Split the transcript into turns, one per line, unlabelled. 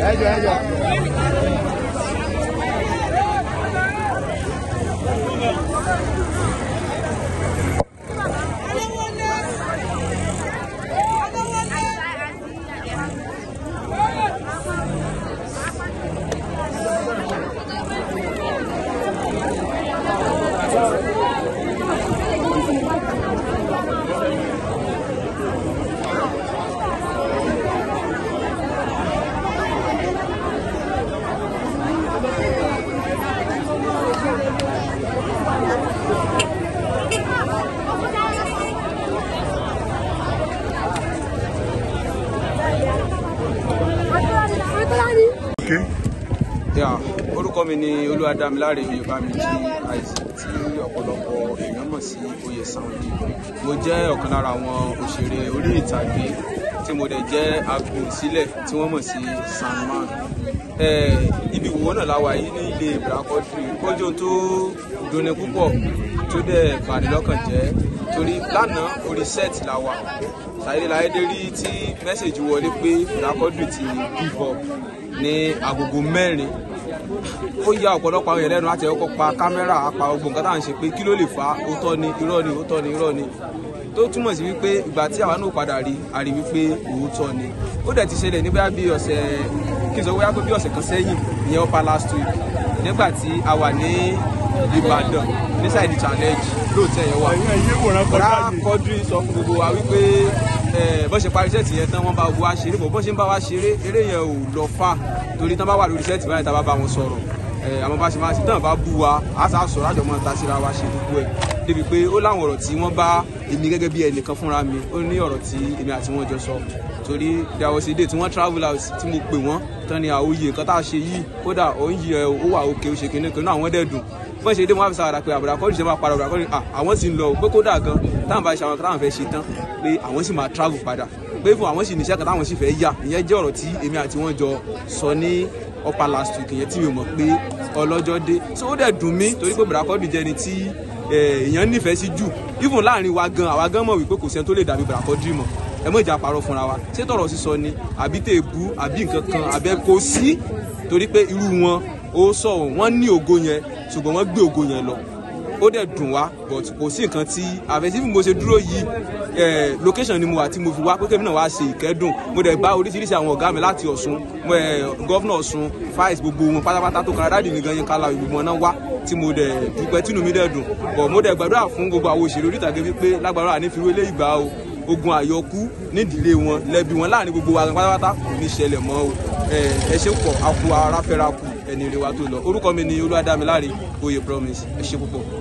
来姐，来姐。okay. yeah orúkọ mi ni olúwadámiláre yorùbá mi jí àìsàn tí ọ̀pọ̀lọpọ̀ èèyàn mọ̀ sí oyè Saoji mo jẹ́ ọ̀kan lára àwọn òṣèré orí ìtàgé tí mo dẹ̀ jẹ́ agbóhùnsílẹ̀ tí wọ́n mọ̀ sí Sandman ibi ìwòwò náà láwa yìí ní ilé Ìbàràkọ́dìrì ó jẹ́ ohun tó dunni púpọ̀ tó dẹ̀ bàní torí lánàá orí set la wà ṣàyẹ̀dẹ̀ láyédè rí tí mẹ́sẹ̀jì wọlé pé fìdákọ́dù ti give up ní agogo mẹ́rin ó ya ọ̀pọ̀lọpọ̀ àwọn ẹlẹ́nu láti ẹ̀kọ́ pa kámẹ́rà apá gbogbo nǹkan tá à ń ṣe pé kí ló lè fa òótọ́ ni irọ́ ni òótọ́ ni irọ́ ni tó túmọ̀ sí wípé ìgbà tí àwa náà padà rí a rí wípé òótọ́ ni ó dẹ̀ ti ṣẹlẹ̀ nígbà bí ọ̀sẹ̀ kí n sọ wíwá pé bí ọ̀sẹ̀ kan sẹ́yìn ìyẹn ọ̀pá last week nígbà tí a wà ní Ìbàdàn ní side challenge lóòótọ́ yẹn wà rárá Quadri sọ fún gbogbo wa wípé bọ́n ṣe parí sẹ́ẹ̀tì yẹn tán wọ́n bá wa ṣeré bọ́ ṣe ń bá wa ṣeré eré yẹn ò lọ fà torí tán bá wà lórí sẹ́ẹ̀tì báyìí tá a bá bá wọn sọ̀rọ̀ àwọn bá ṣe máa ṣe tán bá bú wa á sá sọ̀rọ̀ àjọmọ́ ta síra wa ṣe gbogbo ẹ̀ débi pé ó láwọn ọ̀rọ̀ tí wọ́n bá èmi gẹ́gẹ́ bí ẹnìkan fúnra mi ó ní ọ̀rọ̀ tí èmi àti wọn jọ sọ torí there was a day tí wọ́n travel out tí mo pè wọ́n tán ni àwòye nǹkan tá a ṣe yìí kódà ó ń yí ẹ ó wà òkè ó ṣe kinní kan àwọn dẹ̀ dùn wọ́n ṣe dé wọ́n á fi sàrà pé àbúrò akọ́jú ṣe máa padà àbúrò akọ́jú àwọn sì ń lọ pé kódà gan táwọn bá ṣe àwọn kan táwọn fẹ́ ṣe tán pé àwọn sì máa travel padà pé fún àwọn sì níṣẹ́ kan táwọn sì fẹ́ yà ìyẹn jẹ́ ọ̀rọ̀ tí èmi àti wọ́n jọ sọ ní upper last week ìyẹn tí mi mọ̀ pé ọlọ́jọ́ dé so ó dẹ̀ dùn mí torí pé bùràkọ́dù jẹ́ ni tí eh, èèyàn nífẹ̀ẹ́ sí jù even láàrin wa gan àwa gan mọ̀ wípé kò sẹ́ni tó lè dàbí bùràkọ́dù mọ̀ ẹ mọ̀ ìjà parọ́ fúnra wa ṣé tọ̀rọ̀ sísọ ni àbí tèébú àbí nǹkan kan àbẹ kò sí torí pé irú wọn ó sọ̀rọ̀ wọ́n ní ògo yẹn ṣùgbọ́n wọ́n gbé ògo yẹn lọ ó dẹ̀ dùn wá but kò sí nǹkan tí àfẹsí bí mo ṣe dúró yìí ẹ location ni mo wà tí mo fi wá pé kébì náà wá ṣe ìkẹ́dùn mo dẹ̀ bá oríṣiríṣi àwọn ọ̀gá mi láti Ọ̀ṣun mo ẹ gọ́vnà Ọ̀ṣun fáìs gbogbo wọn pátápátá tó kan dáàdì mi gan yín kálá ìgbìmọ̀ wọn náà wá tí mo dẹ̀ dúpẹ́ tínú mi dẹ̀ dùn but mo dẹ̀ gbàdúrà fún gbogbo àwọn òṣèré orítàgé wípé lágbára àní fi wélé ìgbà o ogun àyọkú nídìílé wọn lẹ́bi wọn láàrin gbogbo wa pátápátá ní ìṣẹ̀lẹ̀ mọ́ o Eh, ẹ ṣe pọ̀ àkú aráfẹ́ra kù ẹni rẹwà tó lọ orúkọ mi ni Olúwadámiláre Oyè Promise ẹ ṣe púpọ̀.